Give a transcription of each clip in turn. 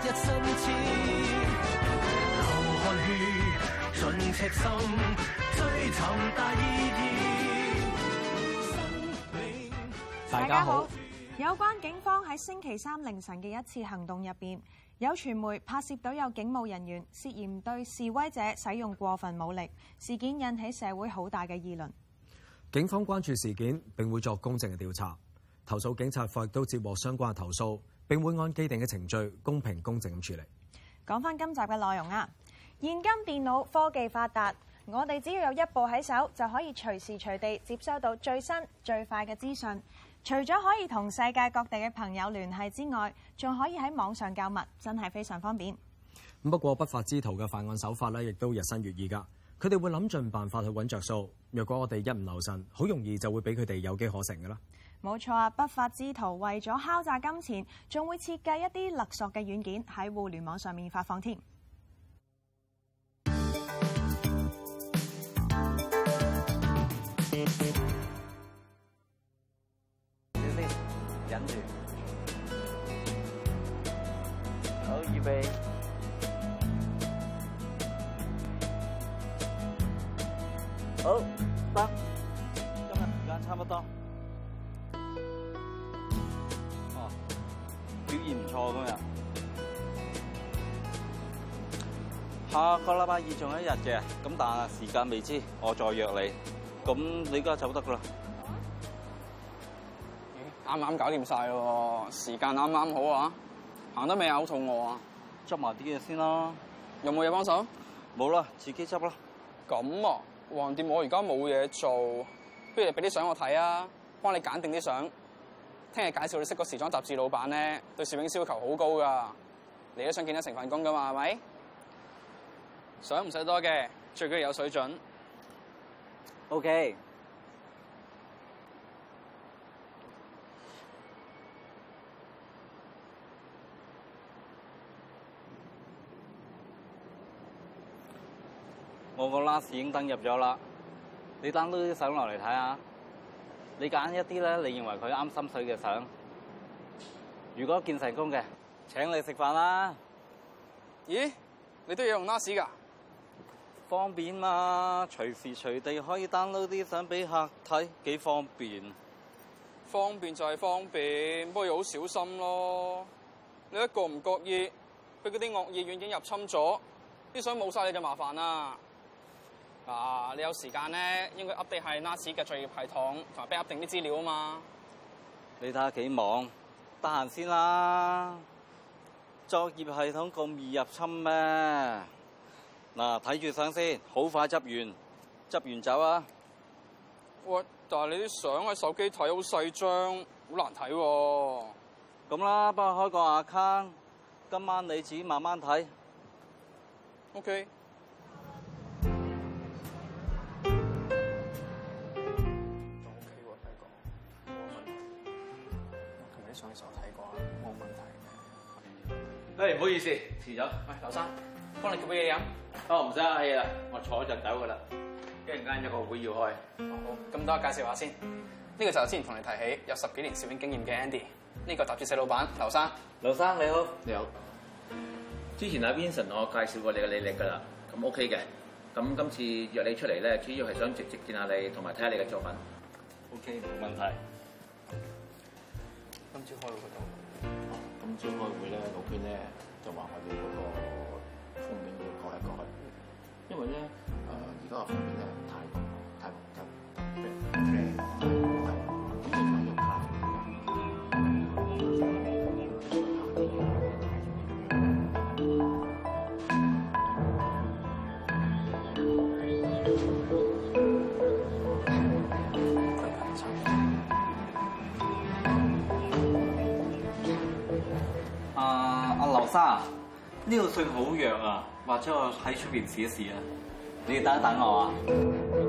一心大家好。有關警方喺星期三凌晨嘅一次行動入邊，有傳媒拍攝到有警務人員涉嫌對示威者使用過分武力，事件引起社會好大嘅議論。警方關注事件，並會作公正嘅調查。投訴警察法亦都接獲相關嘅投訴。並會按既定嘅程序公平公正咁處理。講翻今集嘅內容啊，現今電腦科技發達，我哋只要有一部喺手，就可以隨時隨地接收到最新最快嘅資訊。除咗可以同世界各地嘅朋友聯繫之外，仲可以喺網上購物，真係非常方便。不過不法之徒嘅犯案手法咧，亦都日新月異噶。佢哋會諗盡辦法去揾着數。若果我哋一唔留神，好容易就會俾佢哋有機可乘噶啦。冇錯啊！不法之徒為咗敲詐金錢，仲會設計一啲勒索嘅軟件喺互聯網上面發放添。好預備，好，今日時間差唔多。表現唔錯今日，下個禮拜二仲有一日嘅，咁但係時間未知，我再約你，咁你而家走得啦。啱啱搞掂晒喎，時間啱啱好啊，行得未啊？好肚餓啊，執埋啲嘢先啦。有冇嘢幫手？冇啦，自己執啦。咁啊，橫掂我而家冇嘢做，不如俾啲相我睇啊，幫你揀定啲相。聽日介紹你識個時裝雜誌老闆咧，對攝影要求好高噶，你都想見到成份工噶嘛，係咪？想唔使多嘅，最緊要有水準。OK。我個 last 已經登入咗啦，你登多啲相落嚟睇下看看。你揀一啲咧，你認為佢啱心水嘅相。如果見成功嘅，請你食飯啦。咦？你都要用 Nas 嘅？方便嘛、啊，隨時隨地可以 download 啲相俾客睇，幾方，方，方便。方便就係方便，不過要好小心咯。你一覺唔覺意，俾嗰啲惡意軟件入侵咗啲相，冇晒，你就麻煩啦。嗱、啊，你有時間咧，應該 update 係 NAS 嘅作業系統，同埋 backup 定啲資料啊嘛。你睇下幾忙？得閒先啦。作業系統咁易入侵咩？嗱、啊，睇住相先，好快執完，執完走啊。喂，但係你啲相喺手機睇好細張，好難睇喎、啊。咁啦，幫我開個 account，今晚你自己慢慢睇。OK。上所睇過冇問題嘅。喂，唔好意思，遲咗。喂，劉生，幫你叫杯嘢飲。哦，唔使客氣啦，我坐就走噶啦。一陣間有個會要開。哦、好，咁多介紹下先。呢、嗯呢個就係之前同你提起有十幾年攝影經驗嘅 Andy。呢個雜誌社老闆劉生。劉生你好，你好。你好。之前阿 Vincent 我介紹過你嘅履歷噶啦，咁 OK 嘅。咁今次約你出嚟咧，主要係想直接見下你，同埋睇下你嘅作品。OK，冇問題。今朝開會嗰度，啊。今朝開會咧，老闆咧就話我哋嗰、嗰個。呢、這個信好弱啊，或者我喺出邊試一試啊，你哋等一等我啊。嗯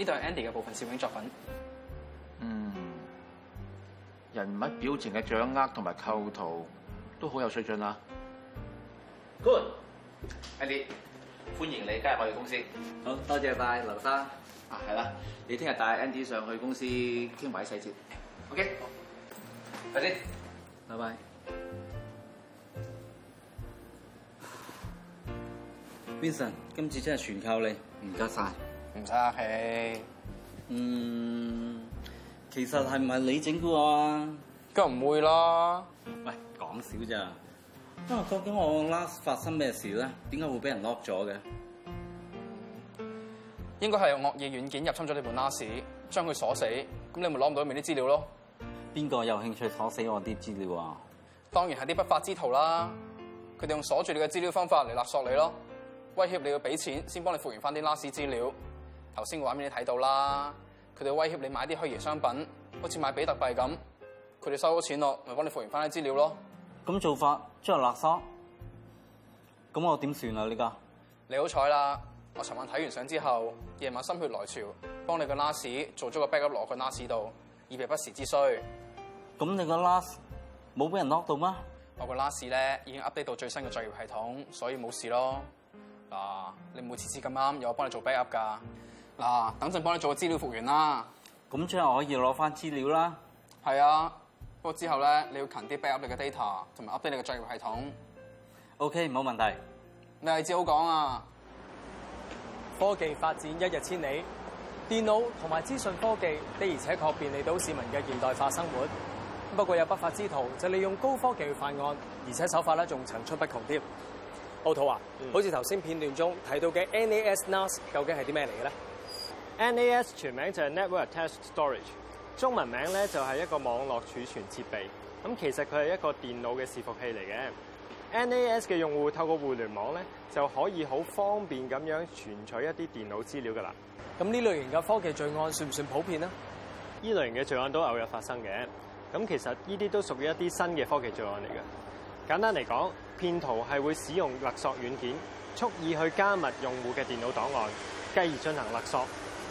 呢度係 Andy 嘅部分攝影作品。嗯，人物表情嘅掌握同埋構圖都好有水準啦，啊。Good，Andy，歡迎你加入我哋公司好。好多謝拜，拜。劉生。啊，係啦，你聽日帶 Andy 上去公司傾埋啲細節。OK，好，快啲，拜拜，拜。Vincent，今次真係全靠你，唔該晒。唔使客氣，嗯，其實係唔係你整嘅喎？梗唔會咯。喂，講少咋？啊，究竟我 NAS 發生咩事咧？點解會俾人 lock 咗嘅？應該係用惡意軟件入侵咗你部 NAS，將佢鎖死，咁你咪攞唔到裏面啲資料咯。邊個有興趣鎖死我啲資料啊？當然係啲不法之徒啦。佢哋用鎖住你嘅資料方法嚟勒索你咯，威脅你要俾錢先幫你復原翻啲 NAS 資料。頭先個畫面你睇到啦，佢哋威脅你買啲虛擬商品，好似買比特幣咁，佢哋收咗錢咯，咪幫你復原翻啲資料咯。咁做法真係垃圾，咁我點算啊？你噶你好彩啦，我尋晚睇完相之後，夜晚心血來潮幫你個 NAS 做咗個 backup 攞個 NAS 度，以備不時之需。咁你個 NAS 冇俾人 lock 到嗎？我個 NAS 咧已經 update 到最新嘅作業系統，所以冇事咯。嗱、啊，你唔會次次咁啱有我幫你做 backup 噶。嗱，等陣幫你做個資料復原啦。咁之後可以攞翻資料啦。係啊，不過之後咧你要勤啲 backup 你嘅 data，同埋 update 你嘅作業系統。O K，冇問題。你係志好講啊，科技發展一日千里，電腦同埋資訊科技的而且確便利到市民嘅現代化生活。不過有不法之徒就利用高科技去犯案，而且手法咧仲層出不窮添。奧土啊，嗯、好似頭先片段中提到嘅 NAS NAS，究竟係啲咩嚟嘅咧？NAS 全名就係 Network Attached Storage，中文名咧就係一個網絡儲存設備。咁其實佢係一個電腦嘅伺服器嚟嘅。NAS 嘅用戶透過互聯網咧就可以好方便咁樣存取一啲電腦資料噶啦。咁呢類型嘅科技罪案算唔算普遍呢？呢類型嘅罪案都偶有發生嘅。咁其實呢啲都屬於一啲新嘅科技罪案嚟嘅。簡單嚟講，騙徒係會使用勒索軟件，蓄意去加密用戶嘅電腦檔案，繼而進行勒索。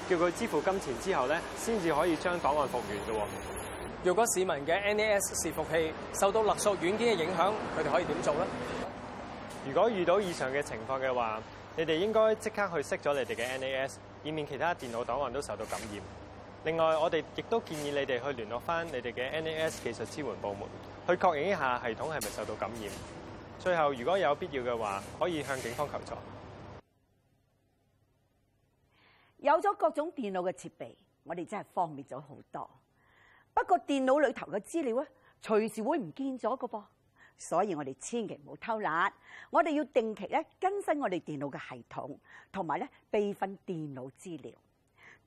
叫佢支付金錢之後咧，先至可以將檔案復原嘅。若果市民嘅 NAS 伺服器受到勒索軟件嘅影響，佢哋可以點做咧？如果遇到以上嘅情況嘅話，你哋應該即刻去熄咗你哋嘅 NAS，以免其他電腦檔案都受到感染。另外，我哋亦都建議你哋去聯絡翻你哋嘅 NAS 技術支援部門，去確認一下系統係咪受到感染。最後，如果有必要嘅話，可以向警方求助。有咗各種電腦嘅設備，我哋真係方便咗好多。不過電腦裏頭嘅資料咧，隨時會唔見咗嘅噃，所以我哋千祈唔好偷懶，我哋要定期咧更新我哋電腦嘅系統，同埋咧備份電腦資料。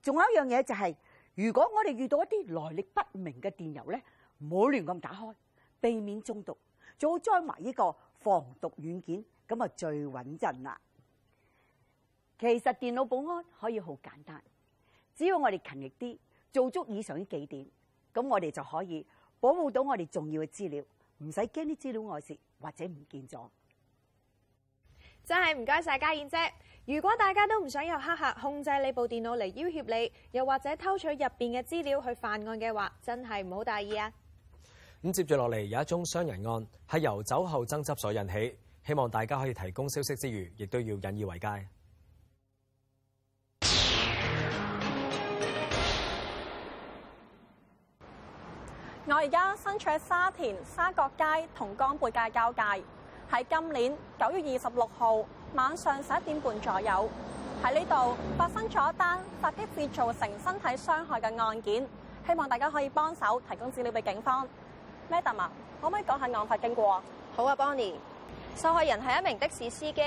仲有一樣嘢就係，如果我哋遇到一啲來歷不明嘅電郵咧，唔好亂咁打開，避免中毒，仲要裝埋呢個防毒軟件，咁啊最穩陣啦。其實電腦保安可以好簡單，只要我哋勤力啲，做足以上呢幾點，咁我哋就可以保護到我哋重要嘅資料，唔使驚啲資料外泄或者唔見咗。真係唔該晒，嘉燕姐。如果大家都唔想有黑客控制你部電腦嚟，要挾你，又或者偷取入邊嘅資料去犯案嘅話，真係唔好大意啊！咁接住落嚟有一宗傷人案係由酒後爭執所引起，希望大家可以提供消息之餘，亦都要引以為戒。我而家身處喺沙田沙角街同江背街交界，喺今年九月二十六號晚上十一點半左右，喺呢度發生咗一單襲擊，致造成身體傷害嘅案件，希望大家可以幫手提供資料俾警方。Madam 啊，可唔可以講下案發經過？好啊，Bonnie。受害人係一名的士司機，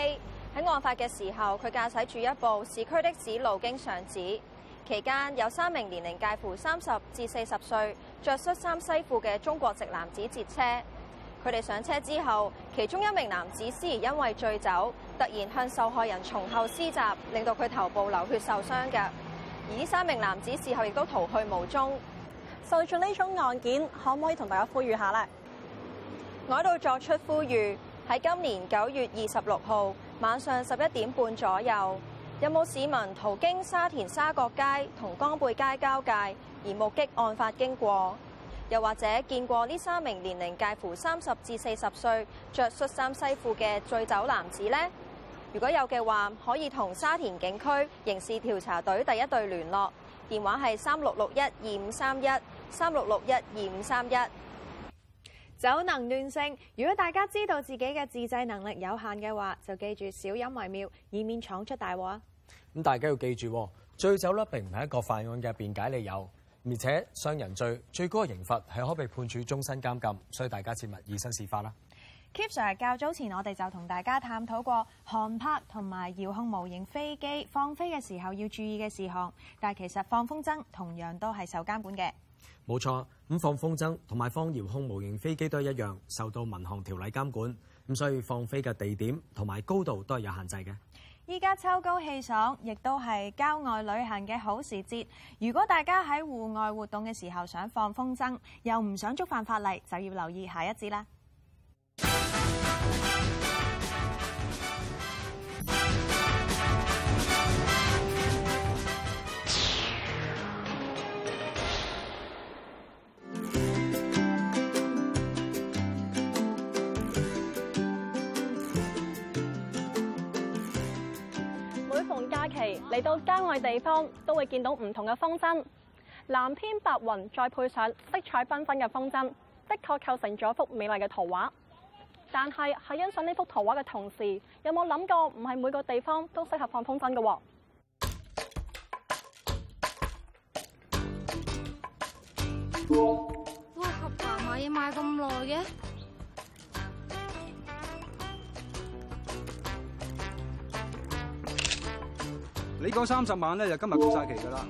喺案發嘅時候，佢駕駛住一部市區的士路經上址。期間有三名年齡介乎三十至四十歲、着恤衫西褲嘅中國籍男子截車，佢哋上車之後，其中一名男子思疑因為醉酒，突然向受害人從後施襲，令到佢頭部流血受傷嘅。而呢三名男子事後亦都逃去無蹤。受盡呢種案件，可唔可以同大家呼籲下呢？我喺度作出呼籲，喺今年九月二十六號晚上十一點半左右。有冇市民途經沙田沙角街同江背街交界而目擊案發經過，又或者見過呢三名年齡介乎三十至四十歲、着恤衫西褲嘅醉酒男子呢？如果有嘅話，可以同沙田警區刑事調查隊第一隊聯絡，電話係三六六一二五三一三六六一二五三一。酒能亂性，如果大家知道自己嘅自制能力有限嘅話，就記住少飲為妙，以免闖出大禍啊！咁大家要記住，醉酒咧並唔係一個犯案嘅辯解理由，而且傷人罪最高的刑罰係可被判處終身監禁，所以大家切勿以身試法啦。K Sir，較早前我哋就同大家探討過航拍同埋遙控模型飛機放飛嘅時候要注意嘅事項，但係其實放風箏同樣都係受監管嘅。冇錯，咁放風箏同埋放遙控模型飛機都係一樣，受到民航條例監管，咁所以放飛嘅地點同埋高度都係有限制嘅。依家秋高氣爽，亦都係郊外旅行嘅好時節。如果大家喺戶外活動嘅時候想放風箏，又唔想觸犯法例，就要留意下一節啦。嚟到郊外地方，都會見到唔同嘅風箏。藍天白雲再配上色彩繽紛嘅風箏，的確構成咗幅美麗嘅圖畫。但係喺欣賞呢幅圖畫嘅同時，有冇諗過唔係每個地方都適合放風箏嘅？哇！阿爸買嘢買咁耐嘅。你嗰三十萬咧就今日過晒期噶啦，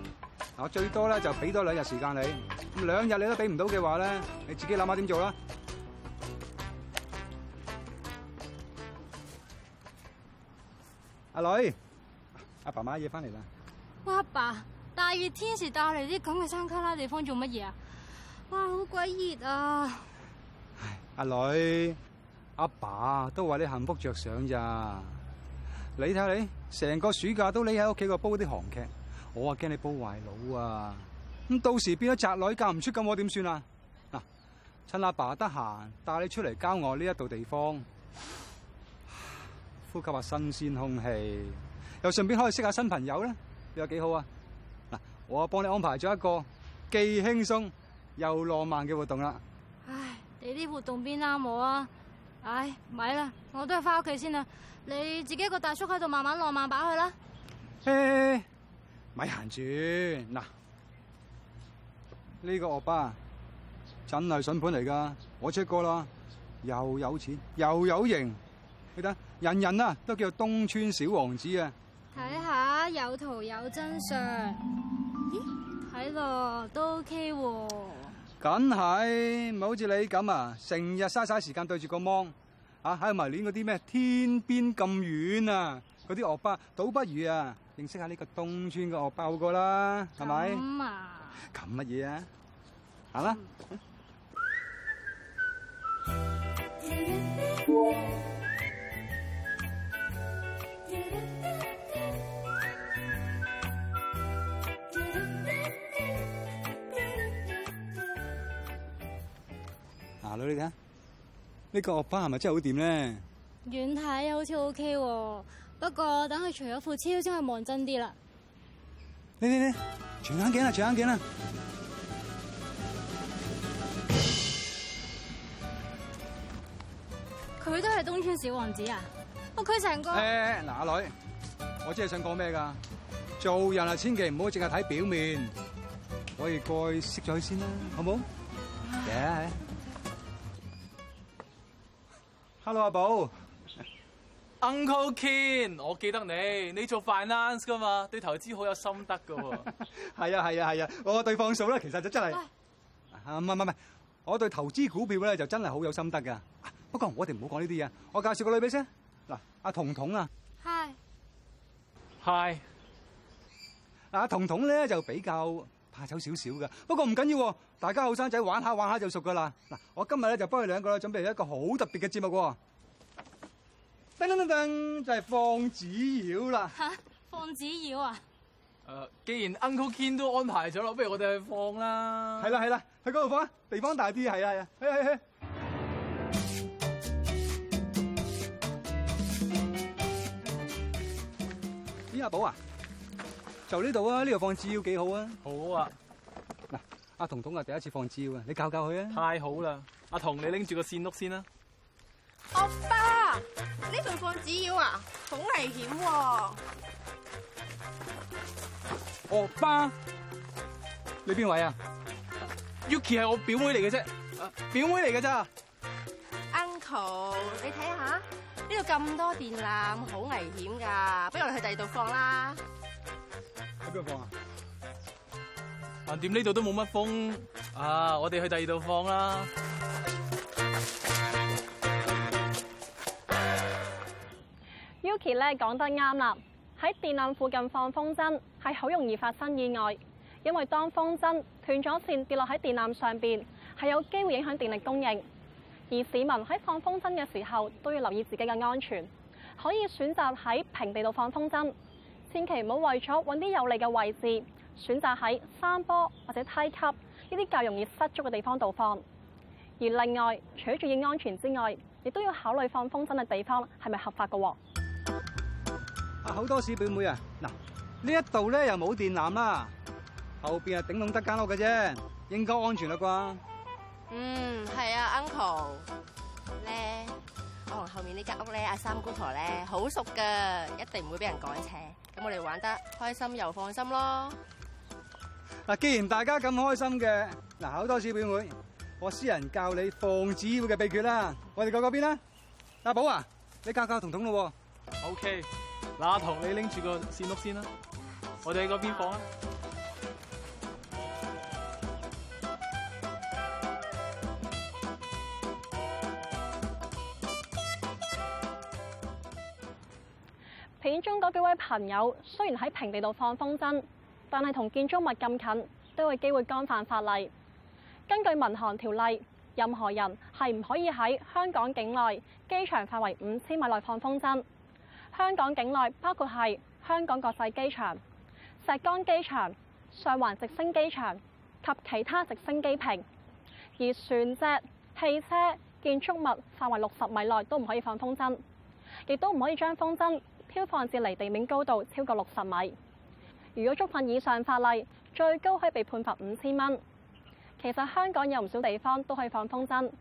我最多咧就俾多兩日時間你，咁兩日你都俾唔到嘅話咧，你自己諗下點做啦。阿女，阿爸買嘢翻嚟啦。哇，爸，爸，大熱天時帶嚟啲咁嘅山卡拉地方做乜嘢啊？哇，好鬼熱啊！阿女，阿爸，爸都為你幸福着想咋，你睇下你。成個暑假都匿喺屋企度煲啲韓劇，我啊驚你煲壞腦啊！咁到時變咗宅女嫁唔出咁，我點算啊？嗱，趁阿爸得閒帶你出嚟郊外呢一度地方，呼吸下新鮮空氣，又順便可以識下新朋友咧，你有幾好啊！嗱，我幫你安排咗一個既輕鬆又浪漫嘅活動啦。唉，你啲活動邊啱我啊？唉、哎，咪啦，我都係翻屋企先啦。你自己一個大叔喺度慢慢浪漫把佢啦，誒、hey, hey，咪閒住嗱，呢、這個惡霸，真係筍盤嚟噶，我出過啦，又有錢又有型，你睇，人人啊都叫做東村小王子啊，睇下有圖有真相，咦，睇落都 ok 喎，梗係唔好似你咁啊，成日嘥嘥時間對住個芒。啊，喺埋念嗰啲咩？天邊咁遠啊，嗰啲惡霸倒不如啊，認識下呢個東村嘅惡霸好過啦，係咪？咁啊？咁乜嘢啊？嚇啦、嗯！啊，攞嚟睇。這個、爸爸是是的呢個惡班係咪真係好掂咧、啊？遠睇好似 OK，不過等佢除咗副超先可以望真啲啦。嚟嚟嚟，除眼鏡啦，除眼鏡啦。佢都係東村小王子啊！我佢成個誒嗱，阿、哎、女，我真係想講咩㗎？做人啊，千祈唔好淨係睇表面，可以過去識咗佢先啦，好唔好？嚟啊！Hello，阿寶，Uncle Ken，我記得你，你做 finance 噶嘛，對投資好有心得噶。係 啊，係啊，係啊，我對放數咧，其實就真係唔係唔係，我對投資股票咧就真係好有心得噶。不過我哋唔好講呢啲嘢，我介紹個女俾先嗱，阿彤彤啊，童童啊，hi hi 阿彤彤咧就比較。怕走少少噶不過唔緊要啊，大家後生仔玩下玩下就熟噶啦。嗱，我今日咧就幫佢兩個咧準備一個好特別嘅節目。噔噔噔噔，就係放紙鷂啦。吓，放紙鷂啊？誒、啊，既然 Uncle Ken 都安排咗咯，不如我哋去放啦。係啦係啦，喺嗰度放啊，地方大啲，係啊係啊，去去去。邊阿寶啊？就呢度啊！呢度放紙鷂幾好啊！好啊，嗱，阿彤彤啊，童童第一次放紙鷂啊，你教教佢啊。太好啦，阿彤，你拎住個線碌先啦。歐巴，呢度放紙鷂啊，好、啊、危險喎、啊！歐巴，你邊位啊？Yuki 係我表妹嚟嘅啫，表妹嚟嘅咋？Uncle，你睇下呢度咁多電纜，好危險噶，不如我哋去第二度放啦。喺邊度放啊？橫掂呢度都冇乜風啊，我哋去第二度放啦。Yuki 咧，講得啱啦，喺電纜附近放風箏係好容易發生意外，因為當風箏斷咗線跌落喺電纜上邊，係有機會影響電力供應。而市民喺放風箏嘅時候都要留意自己嘅安全，可以選擇喺平地度放風箏。千祈唔好為咗揾啲有利嘅位置，選擇喺山坡或者梯級呢啲較容易失足嘅地方度放。而另外，除咗注意安全之外，亦都要考慮放風箏嘅地方係咪合法噶、啊啊。好多小表妹啊，嗱，呢一度咧又冇電纜啦，後邊係頂籠得間屋嘅啫，應該安全啦啩。嗯，係啊，Uncle。咧、嗯。我同後面呢間屋咧，阿三姑婆咧好熟噶，一定唔會俾人趕車。咁我哋玩得開心又放心咯。嗱，既然大家咁開心嘅，嗱，好多謝表妹，我私人教你放紙鷂嘅秘訣啦。我哋過嗰邊啦，阿寶啊，你教教彤彤咯。O K，嗱，彤你拎住個線碌先啦，我哋喺嗰邊放。中嗰幾位朋友雖然喺平地度放風箏，但係同建築物咁近，都有機會干犯法例。根據民航條例，任何人係唔可以喺香港境內機場範圍五千米內放風箏。香港境內包括係香港國際機場、石崗機場、上環直升機場及其他直升機坪，而船隻、汽車、建築物範圍六十米內都唔可以放風箏，亦都唔可以將風箏。飄放至離地面高度超過六十米，如果觸犯以上法例，最高可以被判罰五千蚊。其實香港有唔少地方都可以放風箏，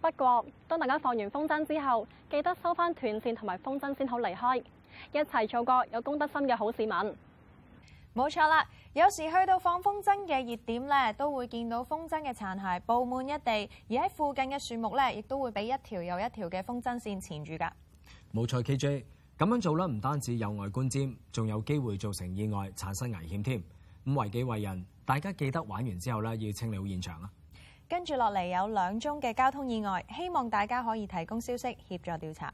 不過當大家放完風箏之後，記得收翻斷線同埋風箏先好離開，一齊做個有公德心嘅好市民。冇錯啦，有時去到放風箏嘅熱點呢，都會見到風箏嘅殘骸布滿一地，而喺附近嘅樹木呢，亦都會俾一條又一條嘅風箏線纏住噶。冇錯，KJ。KJ 咁樣做咧，唔單止有外觀瞻，仲有機會造成意外，產生危險添。咁為己為人，大家記得玩完之後咧，要清理好現場啊！跟住落嚟有兩宗嘅交通意外，希望大家可以提供消息協助調查。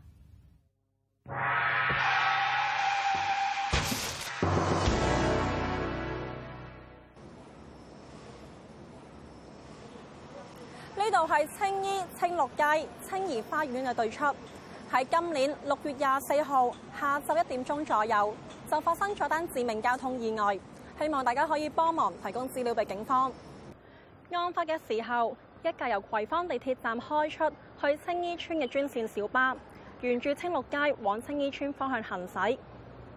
呢度係青衣青綠街青怡花園嘅對出。喺今年六月廿四號下晝一點鐘左右，就發生咗單致命交通意外。希望大家可以幫忙提供資料俾警方。案發嘅時候，一架由葵芳地鐵站開出去青衣村嘅專綫小巴，沿住青綠街往青衣村方向行駛。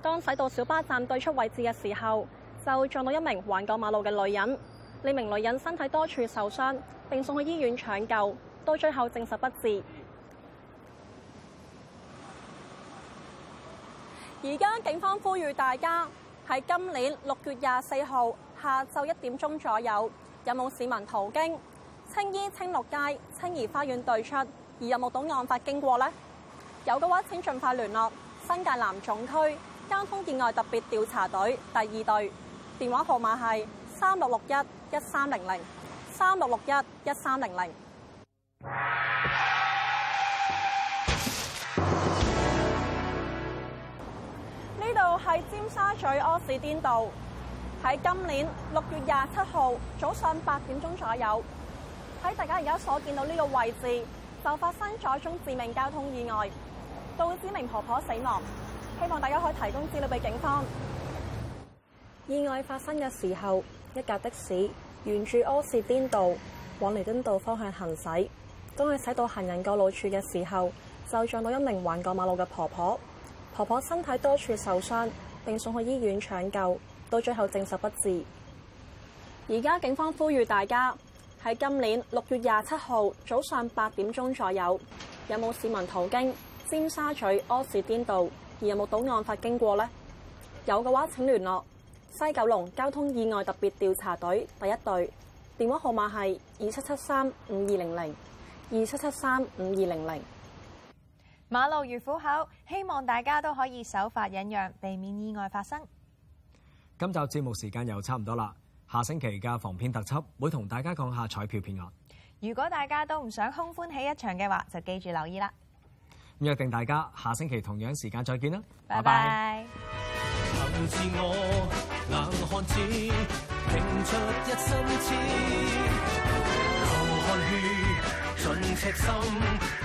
當駛到小巴站對出位置嘅時候，就撞到一名橫過馬路嘅女人。呢名女人身體多處受傷，並送去醫院搶救，到最後證實不治。而家警方呼籲大家喺今年六月廿四號下晝一點鐘左右，有冇市民途經青衣青綠街青怡花園對出？而有冇到案發經過呢？有嘅話，請盡快聯絡新界南總區交通意外特別調查隊第二隊，電話號碼係三六六一一三零零三六六一一三零零。喺尖沙咀柯士甸道，喺今年六月廿七號早上八點鐘左右，喺大家而家所見到呢個位置，就發生咗一宗致命交通意外，導致名婆婆死亡。希望大家可以提供資料俾警方。意外發生嘅時候，一架的士沿住柯士甸道往彌敦道方向行駛，當佢駛到行人過路處嘅時候，就撞到一名橫過馬路嘅婆婆。婆婆身體多處受傷，並送去醫院搶救，到最後證實不治。而家警方呼籲大家，喺今年六月廿七號早上八點鐘左右，有冇市民途經尖沙咀柯士甸道而有冇目睹案發經過呢？有嘅話請聯絡西九龍交通意外特別調查隊第一隊，電話號碼係二七七三五二零零二七七三五二零零。馬路如虎口，希望大家都可以守法忍讓，避免意外發生。今集節目時間又差唔多啦，下星期嘅防騙特輯會同大家講下彩票騙案。如果大家都唔想空歡喜一場嘅話，就記住留意啦。咁約定大家下星期同樣時間再見啦，Bye、拜拜。子我，拼出一身似汗血，盡赤心。